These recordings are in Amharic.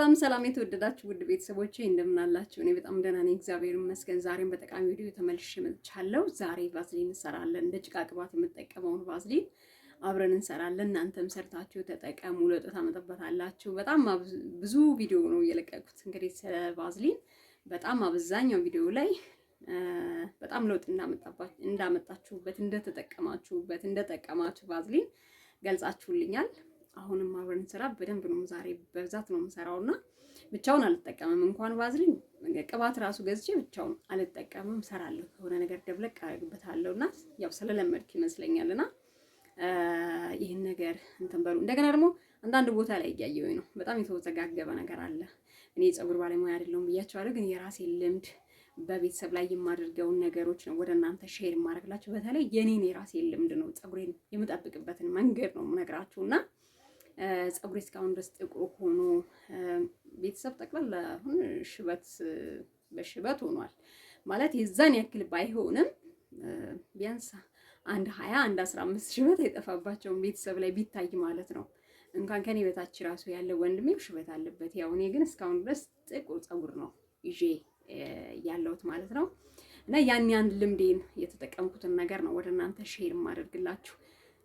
ሰላም ሰላም የተወደዳችሁ ውድ ቤተሰቦቼ እንደምን አላችሁ? እኔ በጣም ደህና ነኝ፣ እግዚአብሔር ይመስገን። ዛሬም በጠቃሚ ቪዲዮ ተመልሼ መጥቻለሁ። ዛሬ ቫዝሊን እንሰራለን። እንደ ጭቃ ቅባት የምጠቀመውን ቫዝሊን አብረን እንሰራለን። እናንተም ሰርታችሁ ተጠቀሙ፣ ለውጥ ታመጣበታላችሁ። በጣም ብዙ ቪዲዮ ነው እየለቀቁት እንግዲህ ስለ ቫዝሊን በጣም አብዛኛው ቪዲዮ ላይ በጣም ለውጥ እንዳመጣችሁበት፣ እንደተጠቀማችሁበት፣ እንደጠቀማችሁ ቫዝሊን ገልጻችሁልኛል። አሁንም አብረን ስራ በደንብ ነው ዛሬ በብዛት ነው የምሰራው እና ብቻውን አልጠቀምም። እንኳን ቫዝሊን ቅባት ራሱ ገዝቼ ብቻውን አልጠቀምም። ሰራለሁ ከሆነ ነገር ደብለቅ አደርግበታለሁ እና ያው ስለለመድክ ይመስለኛል እና ይህን ነገር እንትን በሉ። እንደገና ደግሞ አንዳንድ ቦታ ላይ እያየሁኝ ነው። በጣም የተወዘጋገበ ነገር አለ። እኔ የፀጉር ባለሙያ አይደለሁም ብያቸዋለሁ፣ ግን የራሴ ልምድ በቤተሰብ ላይ የማደርገውን ነገሮች ነው ወደ እናንተ ሼር የማደርግላችሁ። በተለይ የኔን የራሴ ልምድ ነው፣ ፀጉሬን የምጠብቅበትን መንገድ ነው የምነግራችሁ እና ፀጉሬ እስካሁን ድረስ ጥቁር ሆኖ ቤተሰብ ጠቅላላ አሁን ሽበት በሽበት ሆኗል ማለት የዛን ያክል ባይሆንም ቢያንስ አንድ ሀያ አንድ አስራ አምስት ሽበት አይጠፋባቸውም ቤተሰብ ላይ ቢታይ ማለት ነው። እንኳን ከኔ በታች ራሱ ያለ ወንድሜም ሽበት አለበት። ያው እኔ ግን እስካሁን ድረስ ጥቁር ፀጉር ነው ይዤ ያለሁት ማለት ነው። እና ያን ያን ልምዴን የተጠቀምኩትን ነገር ነው ወደ እናንተ ሼር ማደርግላችሁ።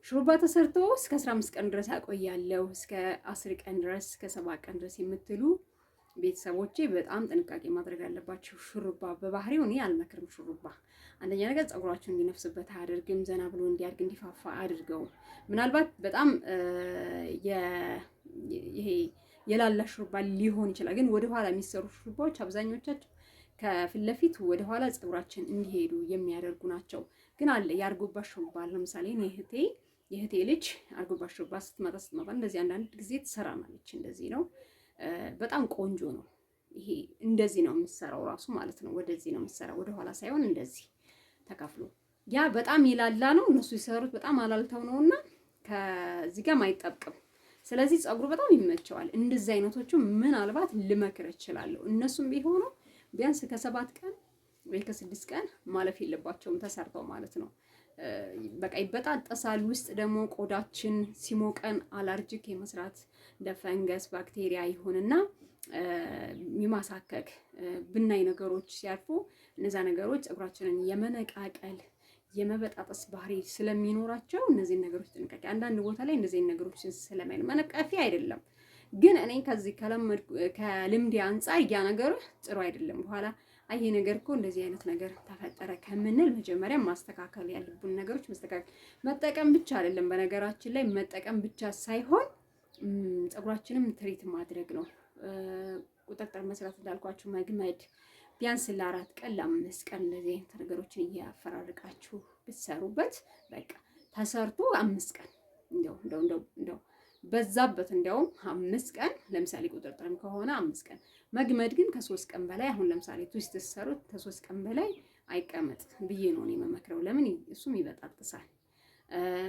ሹሩባ ተሰርቶ እስከ 15 ቀን ድረስ አቆያለሁ፣ እስከ 10 ቀን ድረስ፣ እስከ 7 ቀን ድረስ የምትሉ ቤተሰቦቼ በጣም ጥንቃቄ ማድረግ አለባቸው። ሹሩባ በባህሪው እኔ አልመክርም። ሹሩባ አንደኛ ነገር ጸጉራችሁን እንዲነፍስበት አያደርግም። ዘና ብሎ እንዲያድግ እንዲፋፋ አድርገው። ምናልባት በጣም ይሄ የላላ ሹሩባ ሊሆን ይችላል። ግን ወደኋላ የሚሰሩ ሹሩባዎች አብዛኞቻቸው ከፊት ለፊት ወደኋላ ጸጉራችን እንዲሄዱ የሚያደርጉ ናቸው። ግን አለ ያርጎባ ሹሩባ ለምሳሌ እኔ እህቴ የእህቴ ልጅ አርጎባሽ ሾርባ ስትመጣ ስትመጣ እንደዚህ አንዳንድ ጊዜ ትሰራናለች። እንደዚህ ነው፣ በጣም ቆንጆ ነው። ይሄ እንደዚህ ነው የምትሰራው ራሱ ማለት ነው። ወደዚህ ነው የምትሰራው፣ ወደኋላ ሳይሆን እንደዚህ ተከፍሎ ያ በጣም ይላላ ነው። እነሱ የሰሩት በጣም አላልተው ነውና ከዚህ ጋር አይጠብቅም። ስለዚህ ፀጉሩ በጣም ይመቸዋል። እንደዚህ አይነቶቹ ምናልባት ልመክር እችላለሁ። እነሱም ቢሆኑ ቢያንስ ከሰባት ቀን ወይ ከስድስት ቀን ማለፍ የለባቸውም ተሰርተው ማለት ነው። በቃ ይበጣጠሳል። ውስጥ ደግሞ ቆዳችን ሲሞቀን አላርጂክ የመስራት እንደ ፈንገስ ባክቴሪያ ይሆንና የማሳከክ ብናይ ነገሮች ሲያልፉ እነዛ ነገሮች ጸጉራችንን የመነቃቀል የመበጣጠስ ባህሪ ስለሚኖራቸው እነዚህን ነገሮች ጥንቃቄ። አንዳንድ ቦታ ላይ እነዚህን ነገሮች ስለማይ መነቃፊያ አይደለም ግን እኔ ከዚህ ከልምድ አንጻር ያ ነገር ጥሩ አይደለም በኋላ አይ ነገር እኮ እንደዚህ አይነት ነገር ተፈጠረ ከምንል መጀመሪያ ማስተካከል ያለብን ነገሮች መስተካከል፣ መጠቀም ብቻ አይደለም። በነገራችን ላይ መጠቀም ብቻ ሳይሆን ፀጉራችንም ትሪት ማድረግ ነው። ቁጥጥር መስራት እንዳልኳችሁ መግመድ ቢያንስ ለአራት ቀን ለአምስት ቀን እንደዚህ አይነት ነገሮችን እያፈራርቃችሁ ብትሰሩበት በቃ ተሰርቶ አምስት ቀን እንደው እንደው እንደው በዛበት እንዲያውም አምስት ቀን ለምሳሌ ቁጥርጥርም ከሆነ አምስት ቀን መግመድ ግን ከሶስት ቀን በላይ አሁን ለምሳሌ ትዊስት ስትሰሩት ከሶስት ቀን በላይ አይቀመጥ ብዬ ነው እኔ ለምን እሱም ይበጣጥሳል።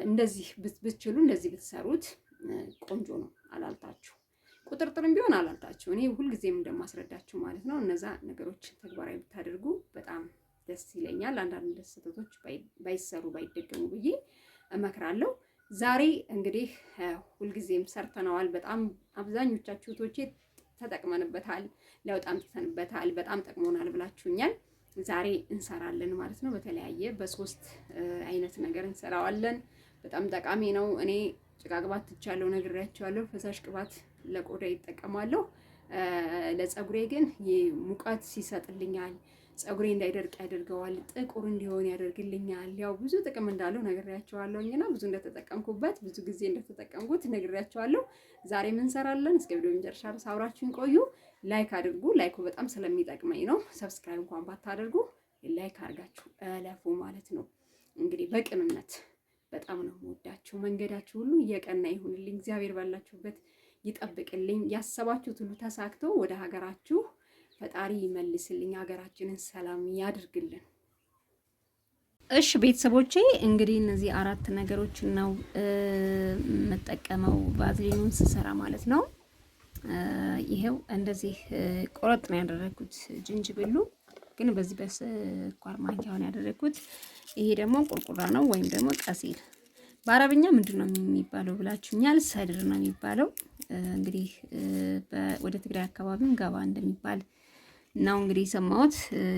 እንደዚህ ብትችሉ እንደዚህ ብትሰሩት ቆንጆ ነው አላልታችሁ። ቁጥርጥርም ቢሆን አላልታችሁ። እኔ ሁልጊዜም እንደማስረዳችሁ ማለት ነው። እነዛ ነገሮች ተግባራዊ ብታደርጉ በጣም ደስ ይለኛል። አንዳንድ ስህተቶች ባይሰሩ ባይደገሙ ብዬ እመክራለሁ። ዛሬ እንግዲህ ሁልጊዜም ሰርተነዋል። በጣም አብዛኞቻችሁ እህቶቼ ተጠቅመንበታል፣ ለውጥ አምጥተንበታል፣ በጣም ጠቅሞናል ብላችሁኛል። ዛሬ እንሰራለን ማለት ነው። በተለያየ በሶስት አይነት ነገር እንሰራዋለን። በጣም ጠቃሚ ነው። እኔ ጭቃ ቅባት ትቻለሁ፣ ነግሬያቸዋለሁ። ፈሳሽ ቅባት ለቆዳ ይጠቀማለሁ። ለፀጉሬ ግን ሙቀት ይሰጥልኛል ፀጉሬ እንዳይደርቅ ያደርገዋል፣ ጥቁር እንዲሆን ያደርግልኛል። ያው ብዙ ጥቅም እንዳለው ነግሬያቸዋለሁኝ እና ብዙ እንደተጠቀምኩበት ብዙ ጊዜ እንደተጠቀምኩት ነግሬያቸዋለሁ። ዛሬ ምን እንሰራለን? እስከ ቪዲዮ መጨረሻ ድረስ አብራችሁን ቆዩ። ላይክ አድርጉ። ላይኩ በጣም ስለሚጠቅመኝ ነው። ሰብስክራይብ እንኳን ባታደርጉ ላይክ አድርጋችሁ እለፉ ማለት ነው። እንግዲህ በቅንነት በጣም ነው የምወዳችሁ። መንገዳችሁ ሁሉ እየቀና ይሁንልኝ። እግዚአብሔር ባላችሁበት ይጠብቅልኝ። ያሰባችሁት ሁሉ ተሳክቶ ወደ ሀገራችሁ ፈጣሪ ይመልስልኝ፣ ሀገራችንን ሰላም ያድርግልን። እሺ ቤተሰቦቼ እንግዲህ እነዚህ አራት ነገሮችን ነው የምጠቀመው ቫዝሊኑን ስሰራ ማለት ነው። ይሄው እንደዚህ ቆረጥ ነው ያደረግኩት ጅንጅብሉ ግን በዚህ በስኳር ማንኪያውን ያደረግኩት። ይሄ ደግሞ ቁርቁራ ነው ወይም ደግሞ ቀሲል በአረብኛ ምንድን ነው የሚባለው ብላችሁኛል። ሰድር ነው የሚባለው። እንግዲህ ወደ ትግራይ አካባቢም ገባ እንደሚባል ነው እንግዲህ የሰማሁት።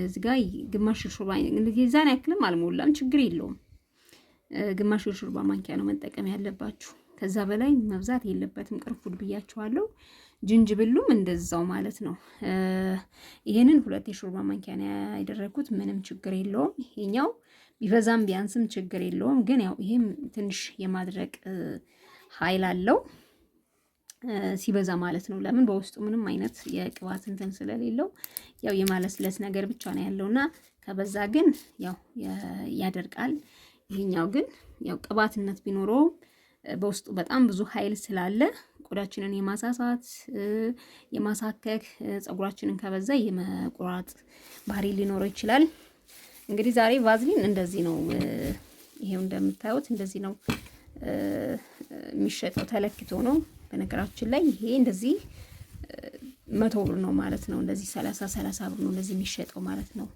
እዚህ ጋር ግማሽ ሹርባ እንግዲህ የዛን ያክልም አልሞላም፣ ችግር የለውም። ግማሽ የሹርባ ማንኪያ ነው መጠቀም ያለባችሁ። ከዛ በላይ መብዛት የለበትም። ቅርንፉድ ብያችኋለሁ። ጅንጅብሉም እንደዛው ማለት ነው። ይህንን ሁለት የሹርባ ማንኪያ ነው ያደረግኩት። ምንም ችግር የለውም። ይሄኛው ቢበዛም ቢያንስም ችግር የለውም። ግን ያው ይሄም ትንሽ የማድረቅ ኃይል አለው። ሲበዛ ማለት ነው። ለምን በውስጡ ምንም አይነት የቅባት እንትን ስለሌለው ያው የማለስለስ ነገር ብቻ ነው ያለውና ከበዛ ግን ያው ያደርቃል። ይሄኛው ግን ያው ቅባትነት ቢኖረውም በውስጡ በጣም ብዙ ኃይል ስላለ ቆዳችንን የማሳሳት የማሳከክ፣ ፀጉራችንን ከበዛ የመቆራጥ ባህሪ ሊኖረው ይችላል። እንግዲህ ዛሬ ቫዝሊን እንደዚህ ነው። ይሄው እንደምታዩት እንደዚህ ነው የሚሸጠው፣ ተለክቶ ነው በነገራችን ላይ ይሄ እንደዚህ መቶ ብር ነው ማለት ነው። እንደዚህ ሰላሳ ሰላሳ ብር ነው እንደዚህ የሚሸጠው ማለት ነው።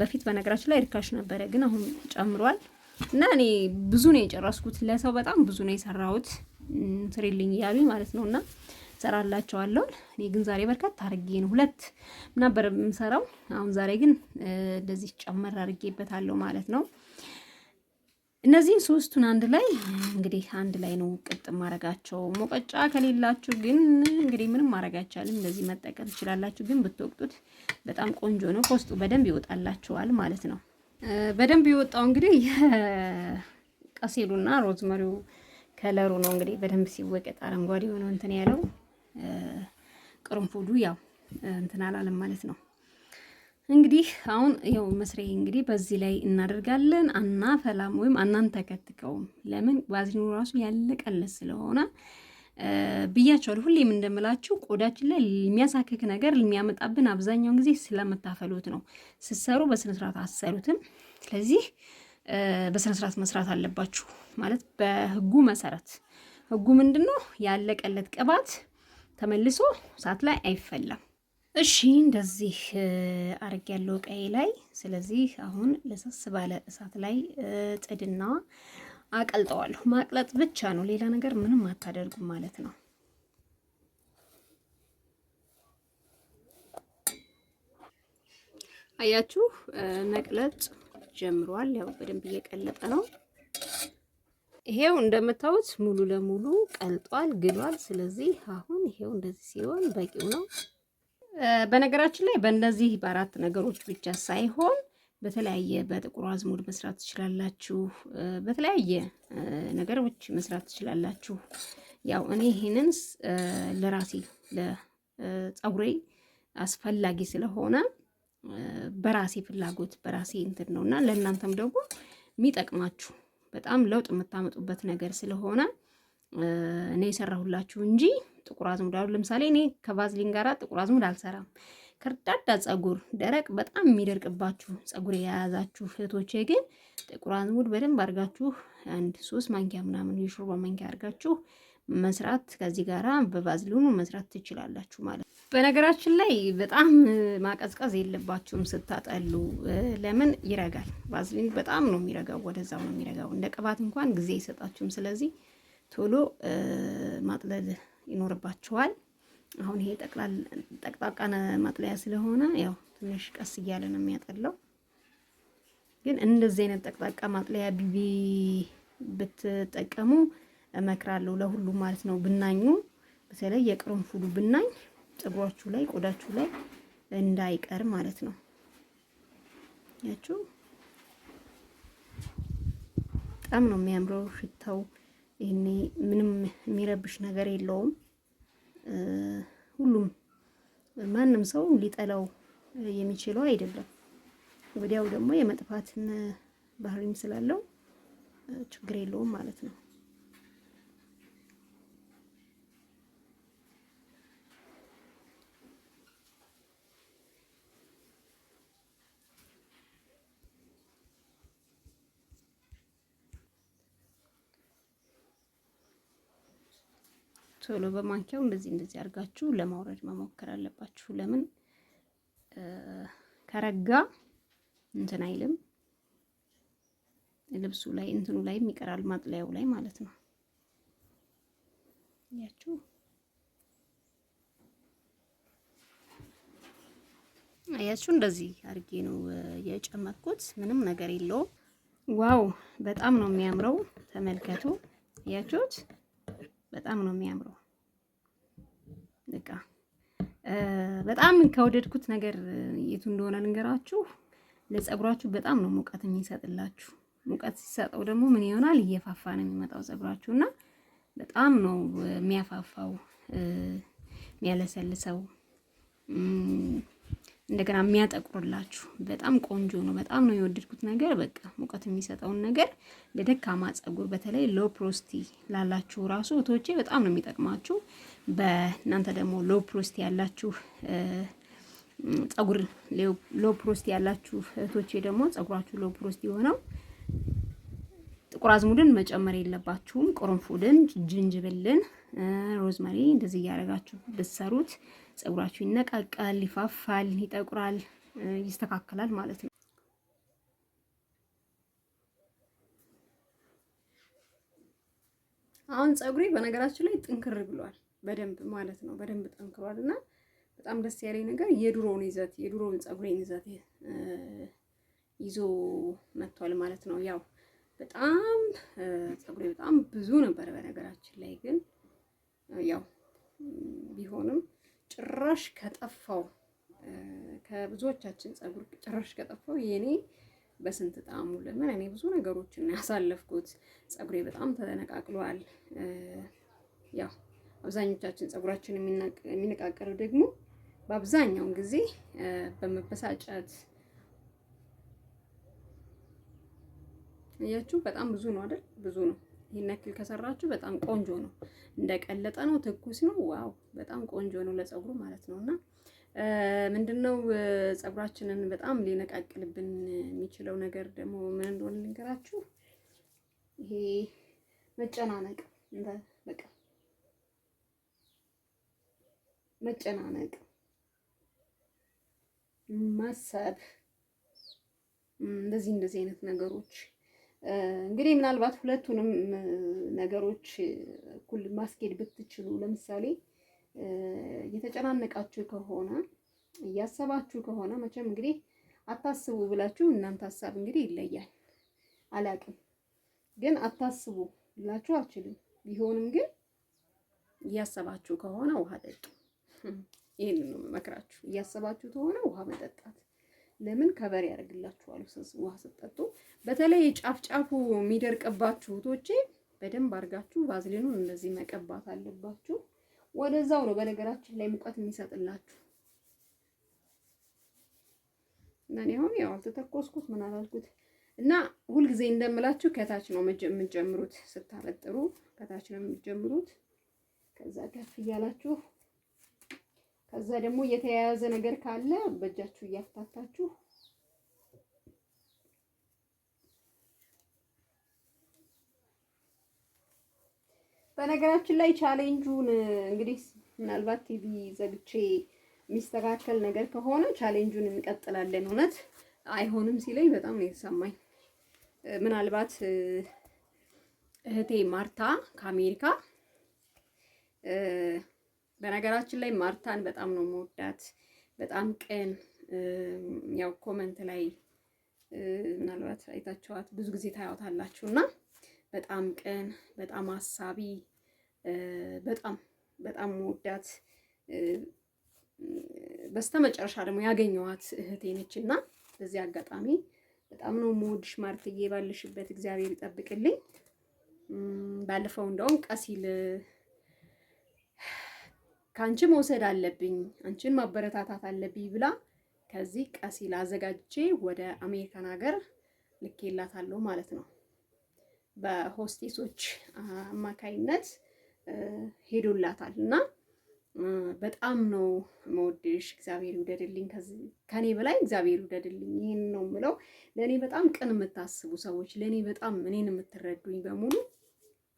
በፊት በነገራችን ላይ ርካሽ ነበረ፣ ግን አሁን ጨምሯል እና እኔ ብዙ ነው የጨረስኩት። ለሰው በጣም ብዙ ነው የሰራሁት ስሪልኝ እያሉኝ ማለት ነው እና ሰራላቸዋለሁ። እኔ ግን ዛሬ በርካታ አርጌ ነው ሁለት ነበር የምሰራው። አሁን ዛሬ ግን እንደዚህ ጨመር አርጌበታለሁ ማለት ነው። እነዚህን ሶስቱን አንድ ላይ እንግዲህ አንድ ላይ ነው ቅጥ ማድረጋቸው። ሞቀጫ ከሌላችሁ ግን እንግዲህ ምንም ማድረግ አይቻልም። እንደዚህ መጠቀም ትችላላችሁ። ግን ብትወቅጡት በጣም ቆንጆ ነው። ከውስጡ በደንብ ይወጣላችኋል ማለት ነው። በደንብ የወጣው እንግዲህ ቀሲሉና ሮዝመሪው ከለሩ ነው እንግዲህ በደንብ ሲወቀጥ አረንጓዴ የሆነው እንትን ያለው ቅርንፉዱ ያው እንትን አላለም ማለት ነው። እንግዲህ አሁን ያው መስሪያ እንግዲህ በዚህ ላይ እናደርጋለን። አናፈላም ወይም አናንተከትከውም። ለምን ባዝሊኑ ራሱ ያለቀለት ስለሆነ ብያቸዋል። ሁሌም እንደምላችሁ ቆዳችን ላይ የሚያሳክክ ነገር የሚያመጣብን አብዛኛውን ጊዜ ስለምታፈሉት ነው። ስትሰሩ በስነስርዓት አሰሩትም። ስለዚህ በስነስርዓት መስራት አለባችሁ ማለት በህጉ መሰረት። ህጉ ምንድን ነው? ያለቀለት ቅባት ተመልሶ እሳት ላይ አይፈላም። እሺ እንደዚህ አርግ ያለው ቀይ ላይ ስለዚህ አሁን ለሰስ ባለ እሳት ላይ ጥድና አቀልጠዋለሁ። ማቅለጥ ብቻ ነው፣ ሌላ ነገር ምንም አታደርጉም ማለት ነው። አያችሁ መቅለጥ ጀምሯል። ያው በደንብ እየቀለጠ ነው። ይሄው እንደምታዩት ሙሉ ለሙሉ ቀልጧል፣ ግሏል። ስለዚህ አሁን ይሄው እንደዚህ ሲሆን በቂው ነው። በነገራችን ላይ በእነዚህ በአራት ነገሮች ብቻ ሳይሆን በተለያየ በጥቁር አዝሙድ መስራት ትችላላችሁ። በተለያየ ነገሮች መስራት ትችላላችሁ። ያው እኔ ይህንን ለራሴ ለጸጉሬ አስፈላጊ ስለሆነ በራሴ ፍላጎት በራሴ እንትን ነው እና ለእናንተም ደግሞ የሚጠቅማችሁ በጣም ለውጥ የምታመጡበት ነገር ስለሆነ እኔ የሰራሁላችሁ እንጂ ጥቁር አዝሙድ አሁን ለምሳሌ እኔ ከቫዝሊን ጋራ ጥቁር አዝሙድ አልሰራም። ከርዳዳ ጸጉር፣ ደረቅ በጣም የሚደርቅባችሁ ጸጉር የያዛችሁ እህቶቼ ግን ጥቁር አዝሙድ በደንብ አድርጋችሁ አንድ ሶስት ማንኪያ ምናምን የሾርባ ማንኪያ አድርጋችሁ መስራት ከዚህ ጋራ በቫዝሊኑ መስራት ትችላላችሁ ማለት ነው። በነገራችን ላይ በጣም ማቀዝቀዝ የለባችሁም ስታጠሉ። ለምን ይረጋል። ቫዝሊን በጣም ነው የሚረጋው፣ ወደዛው ነው የሚረጋው። እንደ ቅባት እንኳን ጊዜ አይሰጣችሁም። ስለዚህ ቶሎ ማጥለል ይኖርባችኋል። አሁን ይሄ ጠቅጣቃ ማጥለያ ስለሆነ ያው ትንሽ ቀስ እያለ ነው የሚያጠለው። ግን እንደዚህ አይነት ጠቅጣቃ ማጥለያ ቢቢ ብትጠቀሙ እመክራለሁ ለሁሉም ማለት ነው። ብናኙ በተለይ የቅርንፉዱ ብናኝ ፀጉራችሁ ላይ ቆዳችሁ ላይ እንዳይቀር ማለት ነው። ያችሁ በጣም ነው የሚያምረው ሽታው ይሄኔ ምንም የሚረብሽ ነገር የለውም። ሁሉም ማንም ሰው ሊጠላው የሚችለው አይደለም። ወዲያው ደግሞ የመጥፋትን ባህሪም ስላለው ችግር የለውም ማለት ነው። ቶሎ በማንኪያው እንደዚህ እንደዚህ አድርጋችሁ ለማውረድ መሞከር አለባችሁ። ለምን ከረጋ እንትን አይልም፣ ልብሱ ላይ እንትኑ ላይም ይቀራል፣ ማጥለያው ላይ ማለት ነው። ያችሁ አያችሁ፣ እንደዚህ አድርጌ ነው የጨመርኩት። ምንም ነገር የለውም። ዋው በጣም ነው የሚያምረው። ተመልከቱ፣ እያችሁት በጣም ነው የሚያምረው። በቃ በጣም ከወደድኩት ነገር የቱ እንደሆነ ልንገራችሁ። ለፀጉራችሁ በጣም ነው ሙቀት የሚሰጥላችሁ። ሙቀት ሲሰጠው ደግሞ ምን ይሆናል? እየፋፋ ነው የሚመጣው ፀጉራችሁ እና በጣም ነው የሚያፋፋው የሚያለሰልሰው እንደገና የሚያጠቁርላችሁ በጣም ቆንጆ ነው። በጣም ነው የወደድኩት ነገር በቃ ሙቀት የሚሰጠውን ነገር ለደካማ ጸጉር፣ በተለይ ሎ ፕሮስቲ ላላችሁ ራሱ እህቶቼ በጣም ነው የሚጠቅማችሁ። በእናንተ ደግሞ ሎ ፕሮስቲ ያላችሁ ጸጉር ሎ ፕሮስቲ ያላችሁ እህቶቼ ደግሞ ጸጉራችሁ ሎ ፕሮስቲ የሆነው ጥቁር አዝሙድን መጨመር የለባችሁም። ቅርንፉድን፣ ጅንጅብልን፣ ሮዝመሪ እንደዚህ እያደረጋችሁ ብትሰሩት ፀጉራችሁ ይነቃቃል፣ ይፋፋል፣ ይጠቁራል፣ ይስተካከላል ማለት ነው። አሁን ፀጉሬ በነገራችን ላይ ጥንክር ብሏል በደንብ ማለት ነው። በደንብ ጠንክሯል እና በጣም ደስ ያለኝ ነገር የድሮውን ይዘት የድሮውን ፀጉሬን ይዘት ይዞ መጥቷል ማለት ነው። ያው በጣም ፀጉሬ በጣም ብዙ ነበር በነገራችን ላይ ግን ያው ቢሆንም ጭራሽ ከጠፋው ከብዙዎቻችን ፀጉር ጭራሽ ከጠፋው የኔ በስንት ጣዕሙ ለምን እኔ ብዙ ነገሮችን ያሳለፍኩት ጸጉሬ በጣም ተነቃቅሏል። ያው አብዛኞቻችን ጸጉራችን የሚነቃቀለው ደግሞ በአብዛኛውን ጊዜ በመበሳጨት እያችሁ በጣም ብዙ ነው አይደል? ብዙ ነው። ይህን ያክል ከሰራችሁ በጣም ቆንጆ ነው። እንደቀለጠ ነው፣ ትኩስ ነው። ዋው በጣም ቆንጆ ነው ለፀጉሩ ማለት ነው። እና ምንድነው ፀጉራችንን በጣም ሊነቃቅልብን የሚችለው ነገር ደግሞ ምን እንደሆነ ልንገራችሁ። ይሄ መጨናነቅ በቃ መጨናነቅ፣ ማሰብ እንደዚህ እንደዚህ አይነት ነገሮች እንግዲህ ምናልባት ሁለቱንም ነገሮች እኩል ማስኬድ ብትችሉ፣ ለምሳሌ እየተጨናነቃችሁ ከሆነ እያሰባችሁ ከሆነ መቼም እንግዲህ አታስቡ ብላችሁ እናንተ ሀሳብ እንግዲህ ይለያል። አላቅም ግን አታስቡ ብላችሁ አችልም። ቢሆንም ግን እያሰባችሁ ከሆነ ውሃ ጠጡ። ይህን ነው መክራችሁ። እያሰባችሁ ከሆነ ውሃ መጠጣት ለምን ከበር ያደርግላችኋል ውሃ ስጠጡ በተለይ ጫፍ ጫፉ የሚደርቅባችሁ እህቶቼ በደንብ አድርጋችሁ ቫዝሊኑን እንደዚህ መቀባት አለባችሁ። ወደዛው ነው በነገራችን ላይ ሙቀት የሚሰጥላችሁ። እና እኔ አሁን ያው አልተተኮስኩት ምን አላልኩት እና ሁልጊዜ እንደምላችሁ ከታች ነው የምትጀምሩት። ስታበጥሩ ከታች ነው የምትጀምሩት። ከዛ ከፍ እያላችሁ ከዛ ደግሞ የተያያዘ ነገር ካለ በእጃችሁ እያፍታታችሁ በነገራችን ላይ ቻሌንጁን እንግዲህ ምናልባት ቲቪ ዘግቼ የሚስተካከል ነገር ከሆነ ቻሌንጁን እንቀጥላለን። እውነት አይሆንም ሲለኝ በጣም ነው የተሰማኝ። ምናልባት እህቴ ማርታ ከአሜሪካ በነገራችን ላይ ማርታን በጣም ነው መወዳት። በጣም ቅን ያው ኮመንት ላይ ምናልባት አይታችኋት ብዙ ጊዜ ታያውታላችሁ እና በጣም ቅን፣ በጣም አሳቢ፣ በጣም በጣም መወዳት። በስተመጨረሻ ደግሞ ያገኘኋት እህቴ ነች እና በዚህ አጋጣሚ በጣም ነው መወድሽ ማርትዬ፣ ባለሽበት እግዚአብሔር ይጠብቅልኝ። ባለፈው እንደውም ቀሲል ከአንቺ መውሰድ አለብኝ፣ አንቺን ማበረታታት አለብኝ ብላ ከዚህ ቀሲል አዘጋጅቼ ወደ አሜሪካን ሀገር ልኬላታለሁ ማለት ነው። በሆስቴሶች አማካይነት ሄዶላታል እና በጣም ነው መወደሽ፣ እግዚአብሔር ይውደድልኝ፣ ከኔ በላይ እግዚአብሔር ይውደድልኝ። ይህን ነው የምለው። ለእኔ በጣም ቅን የምታስቡ ሰዎች፣ ለእኔ በጣም እኔን የምትረዱኝ በሙሉ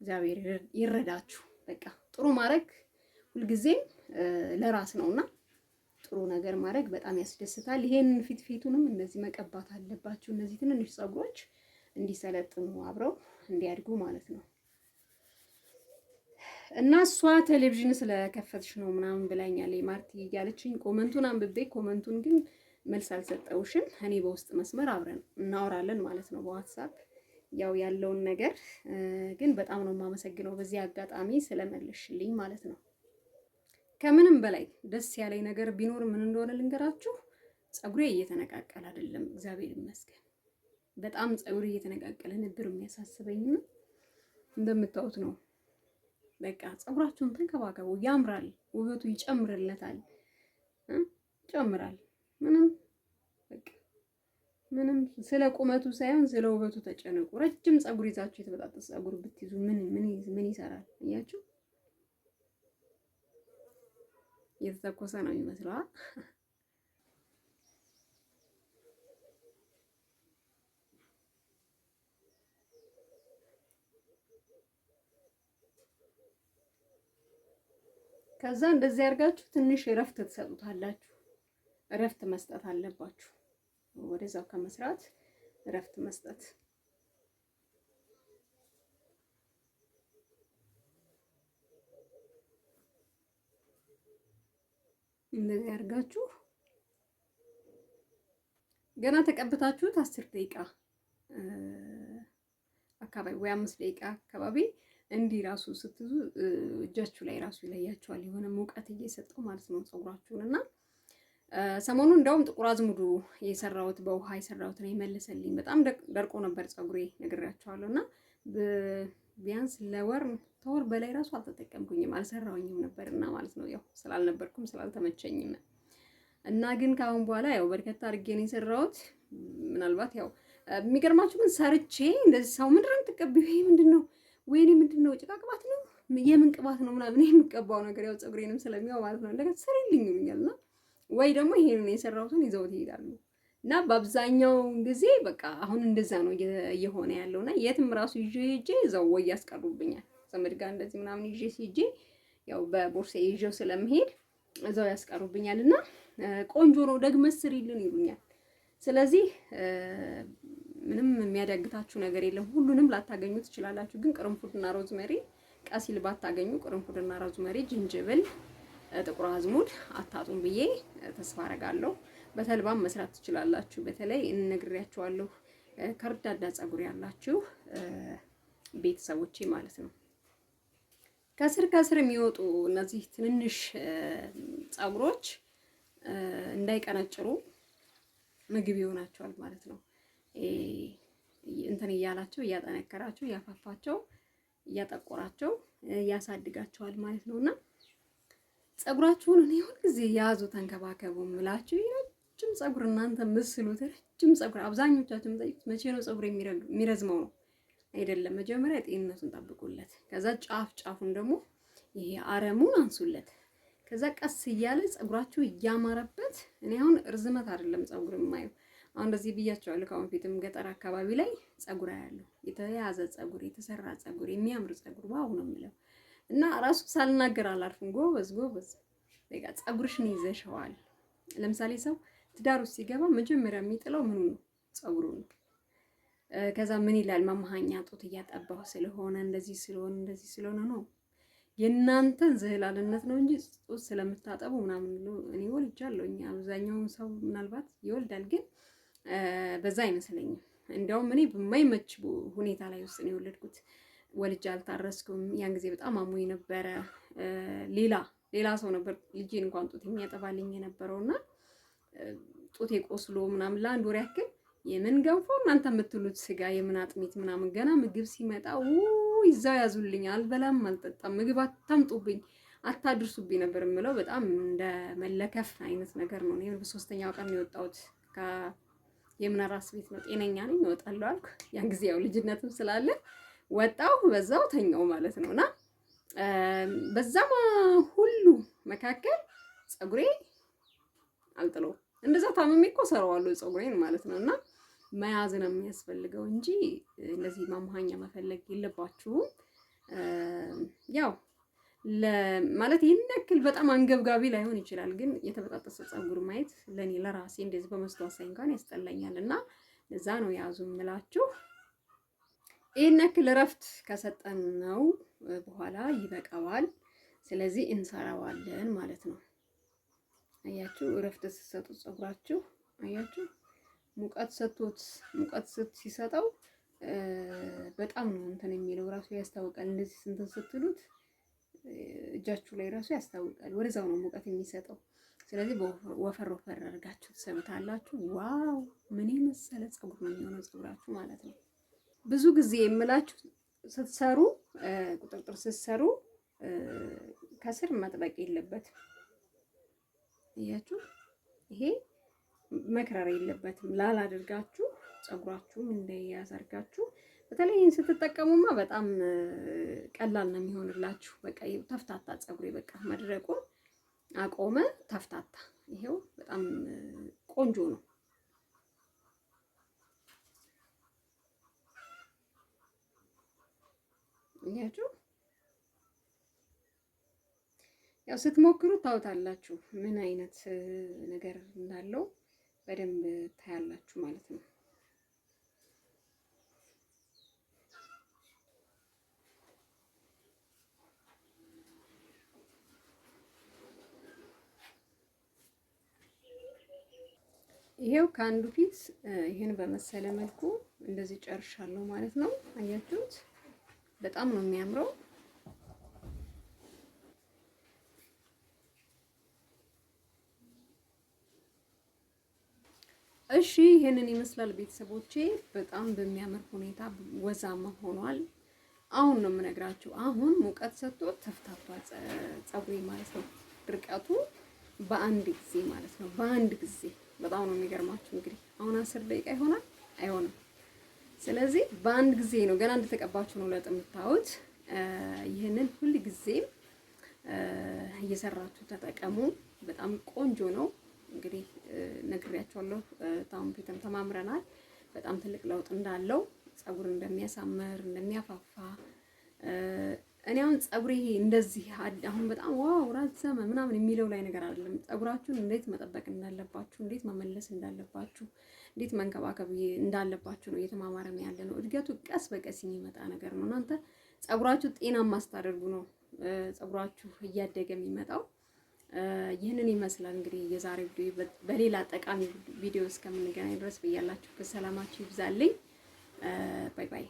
እግዚአብሔር ይረዳችሁ። በቃ ጥሩ ማድረግ ሁልጊዜም ለራስ ነውና ጥሩ ነገር ማድረግ በጣም ያስደስታል። ይሄን ፊት ፊቱንም እንደዚህ መቀባት አለባችሁ። እነዚህ ትንንሽ ፀጉሮች እንዲሰለጥኑ አብረው እንዲያድጉ ማለት ነው። እና እሷ ቴሌቪዥን ስለከፈትሽ ነው ምናምን ብላኛለች ማርቲ እያለችኝ ኮመንቱን አንብቤ ኮመንቱን ግን መልስ አልሰጠውሽም። እኔ በውስጥ መስመር አብረን እናወራለን ማለት ነው በዋትሳፕ ያው ያለውን ነገር ግን በጣም ነው የማመሰግነው በዚህ አጋጣሚ ስለመለሽልኝ ማለት ነው። ከምንም በላይ ደስ ያለኝ ነገር ቢኖር ምን እንደሆነ ልንገራችሁ፣ ፀጉሬ እየተነቃቀል አይደለም፣ እግዚአብሔር ይመስገን። በጣም ፀጉሬ እየተነቃቀለ ነበር የሚያሳስበኝ። እንደምታዩት ነው። በቃ ፀጉራችሁን ተንከባከቡ፣ ያምራል፣ ውበቱ ይጨምርለታል፣ ይጨምራል። ምንም በቃ ምንም ስለ ቁመቱ ሳይሆን ስለ ውበቱ ተጨነቁ። ረጅም ፀጉር ይዛችሁ የተበጣጠሰ ፀጉር ብትይዙ ምን ምን ይሰራል እያችሁ እየተተኮሰ ነው የሚመስለው። ከዛ እንደዚህ አድርጋችሁ ትንሽ እረፍት ትሰጡታላችሁ። እረፍት መስጠት አለባችሁ። ወደዛው ከመስራት እረፍት መስጠት እንደዚህ አድርጋችሁ ገና ተቀብታችሁት አስር ደቂቃ አካባቢ ወይ አምስት ደቂቃ አካባቢ እንዲህ ራሱ ስትዙ እጃችሁ ላይ ራሱ ይለያችኋል። የሆነ ሙቀት እየሰጠው ማለት ነው ፀጉራችሁን እና ሰሞኑ እንደውም ጥቁር አዝሙዱ የሰራሁት በውሃ የሰራሁት ነው የመለሰልኝ። በጣም ደርቆ ነበር ፀጉሬ ነግሬያቸዋለሁ እና ቢያንስ ለወር ተወር በላይ ራሱ አልተጠቀምኩኝም አልሰራውኝም ነበር እና ማለት ነው ያው ስላልነበርኩም ስላልተመቸኝም እና ግን ከአሁን በኋላ ያው በርከታ አድርጌ ነው የሰራሁት። ምናልባት ያው የሚገርማችሁ ግን ሰርቼ እንደዚህ ሰው ምንድን ነው የምትቀቢው? ይሄ ምንድን ነው? ወይኔ ምንድን ነው? ጭቃ ቅባት ነው? የምን ቅባት ነው ምናምን የምቀባው ነገር ያው ፀጉሬንም ስለሚያው ማለት ነው እንደገና ስሪልኝ ይሉኛል እና ወይ ደግሞ ይሄንን የሰራሁትን ይዘውት ይሄዳሉ። እና በአብዛኛው ጊዜ በቃ አሁን እንደዛ ነው እየሆነ ያለው እና የትም ራሱ ይዤ ሄጄ እዛው ወይ ያስቀሩብኛል ዘመድ ጋር እንደዚህ ምናምን ይዤ ሲጄ ያው በቦርሳ ይዤው ስለምሄድ እዛው ያስቀሩብኛል እና ቆንጆ ነው ደግመ ስሪልን ይሉኛል። ስለዚህ ምንም የሚያዳግታችሁ ነገር የለም። ሁሉንም ላታገኙ ትችላላችሁ። ግን ቅርንፉድና ሮዝመሪ ቀሲል ባታገኙ ቅርንፉድና ሮዝመሪ፣ ጅንጅብል፣ ጥቁር አዝሙድ አታጡም ብዬ ተስፋ አረጋለሁ። በተልባም መስራት ትችላላችሁ። በተለይ እነግሬያችኋለሁ ከርዳዳ ፀጉር ያላችሁ ቤተሰቦቼ ማለት ነው። ከስር ከስር የሚወጡ እነዚህ ትንንሽ ፀጉሮች እንዳይቀነጭሩ ምግብ ይሆናቸዋል ማለት ነው። እንትን እያላቸው እያጠነከራቸው እያፋፋቸው እያጠቆራቸው ያሳድጋቸዋል ማለት ነው እና ጸጉራችሁን እኔ ሁልጊዜ ያዙ ተንከባከቡ ምላችሁ ረጅም ፀጉር እናንተ ምስሉት ረጅም ፀጉር አብዛኞቻችን የምጠይቁት መቼ ነው ፀጉር የሚረዝመው ነው አይደለም። መጀመሪያ ጤንነቱን ጠብቁለት። ከዛ ጫፍ ጫፉን ደግሞ ይሄ አረሙን አንሱለት። ከዛ ቀስ እያለ ፀጉራችሁ እያማረበት። እኔ አሁን እርዝመት አይደለም ፀጉር የማየው አሁን እንደዚህ ብያቸዋለሁ። ከአሁን ፊትም ገጠር አካባቢ ላይ ፀጉር ያለው የተያዘ ፀጉር፣ የተሰራ ፀጉር፣ የሚያምር ፀጉር ዋው ነው የሚለው እና ራሱ ሳልናገር አላርፍም። ጎበዝ ጎበዝ በቃ ፀጉርሽን ይዘሸዋል። ለምሳሌ ሰው ትዳር ውስጥ ሲገባ መጀመሪያ የሚጥለው ምኑ ነው? ጸጉሩ ነው። ከዛ ምን ይላል? መመሃኛ ጡት እያጠባሁ ስለሆነ እንደዚህ ስለሆነ እንደዚህ ስለሆነ ነው የእናንተን ዝህላልነት ነው እንጂ ጡት ስለምታጠቡ ምናምን ብሎ እኔ ወልጃለሁ። እኛ አብዛኛውን ሰው ምናልባት ይወልዳል፣ ግን በዛ አይመስለኝም። እንዲያውም እኔ በማይመች ሁኔታ ላይ ውስጥ ነው የወለድኩት። ወልጄ አልታረስኩም። ያን ጊዜ በጣም አሞኝ ነበረ። ሌላ ሌላ ሰው ነበር ልጄን እንኳን ጡት የሚያጠባልኝ የነበረውና ጡቴ ቆስሎ ምናምን ለአንድ ወር ያክል የምን ገንፎ እናንተ የምትሉት ስጋ የምን አጥሚት ምናምን ገና ምግብ ሲመጣ ይዛው ያዙልኝ፣ አልበላም፣ አልጠጣም፣ ምግብ አታምጡብኝ፣ አታድርሱብኝ ነበር የምለው። በጣም እንደ መለከፍ አይነት ነገር ነው። እኔ በሶስተኛው ቀን ነው የወጣሁት የምን ራስ ቤት ነው። ጤነኛ ነኝ እወጣለሁ አልኩ። ያን ጊዜ ያው ልጅነትም ስላለ ወጣው በዛው ተኛው ማለት ነው። እና በዛም ሁሉ መካከል ፀጉሬ አልጥለው እንደዛ ታምሜ እኮ ሰራዋለሁ ፀጉሬን ማለት ነው። እና መያዝ ነው የሚያስፈልገው እንጂ እንደዚህ ማማሃኛ መፈለግ የለባችሁም። ያው ማለት ይህን ያክል በጣም አንገብጋቢ ላይሆን ይችላል፣ ግን የተበጣጠሰ ፀጉር ማየት ለእኔ ለራሴ እንደዚህ በመስታወት ሳይ እንኳን ያስጠላኛል። እና እዛ ነው የያዙ የምላችሁ። ይህን ያክል እረፍት ከሰጠን ነው በኋላ ይበቃዋል። ስለዚህ እንሰራዋለን ማለት ነው። አያችሁ፣ እረፍት ስትሰጡት ጸጉራችሁ አያችሁ፣ ሙቀት ሰጥቶት ሙቀት ሲሰጠው በጣም ነው እንትን የሚለው ራሱ ያስታውቃል። እንደዚህ ስንት ስትሉት እጃችሁ ላይ ራሱ ያስታውቃል። ወደዛው ነው ሙቀት የሚሰጠው። ስለዚህ ወፈር ወፈር አድርጋችሁ ትሰሩታላችሁ። ዋው ምን የመሰለ ፀጉር ነው የሚሆነው ፀጉራችሁ ማለት ነው። ብዙ ጊዜ የምላችሁ ስትሰሩ ቁጥርጥር ስትሰሩ ከስር መጥበቅ የለበትም። እያችሁ ይሄ መክረር የለበትም። ላላ አድርጋችሁ ፀጉራችሁም እንደያዝ አድርጋችሁ በተለይ ይህን ስትጠቀሙማ በጣም ቀላል ነው የሚሆንላችሁ። በቃ ተፍታታ ፀጉሬ በቃ መድረቁን አቆመ፣ ተፍታታ። ይሄው በጣም ቆንጆ ነው። እያችሁ ያው ስትሞክሩ ታውታላችሁ ምን አይነት ነገር እንዳለው በደንብ ታያላችሁ ማለት ነው። ይሄው ከአንዱ ፊት ይሄን በመሰለ መልኩ እንደዚህ ጨርሻለሁ ማለት ነው። አያችሁት? በጣም ነው የሚያምረው። እሺ ይህንን ይመስላል ቤተሰቦቼ። በጣም በሚያምር ሁኔታ ወዛማ ሆኗል። አሁን ነው የምነግራችሁ። አሁን ሙቀት ሰጥቶ ተፍታፋ ፀጉሬ ማለት ነው። ድርቀቱ በአንድ ጊዜ ማለት ነው። በአንድ ጊዜ በጣም ነው የሚገርማችሁ። እንግዲህ አሁን አስር ደቂቃ ይሆናል አይሆንም። ስለዚህ በአንድ ጊዜ ነው ገና እንደተቀባችሁ ነው ለጥ የምታዩት። ይህንን ሁል ጊዜም እየሰራችሁ ተጠቀሙ። በጣም ቆንጆ ነው። እንግዲህ ነግሬያቸዋለሁ። ታምፒተም ተማምረናል። በጣም ትልቅ ለውጥ እንዳለው ጸጉር እንደሚያሳምር እንደሚያፋፋ እኔ አሁን ጸጉሬ እንደዚህ አሁን በጣም ዋው ረዘመ ምናምን የሚለው ላይ ነገር አይደለም። ጸጉራችሁን እንዴት መጠበቅ እንዳለባችሁ፣ እንዴት መመለስ እንዳለባችሁ፣ እንዴት መንከባከብ እንዳለባችሁ ነው እየተማማረን ያለ ነው። እድገቱ ቀስ በቀስ የሚመጣ ነገር ነው። እናንተ ጸጉራችሁ ጤናማ ስታደርጉ ነው ጸጉራችሁ እያደገ የሚመጣው። ይህንን ይመስላል እንግዲህ የዛሬ ቪዲዮ። በሌላ ጠቃሚ ቪዲዮ እስከምንገናኝ ድረስ ብያላችሁ በሰላማችሁ ይብዛልኝ። ባይ ባይ።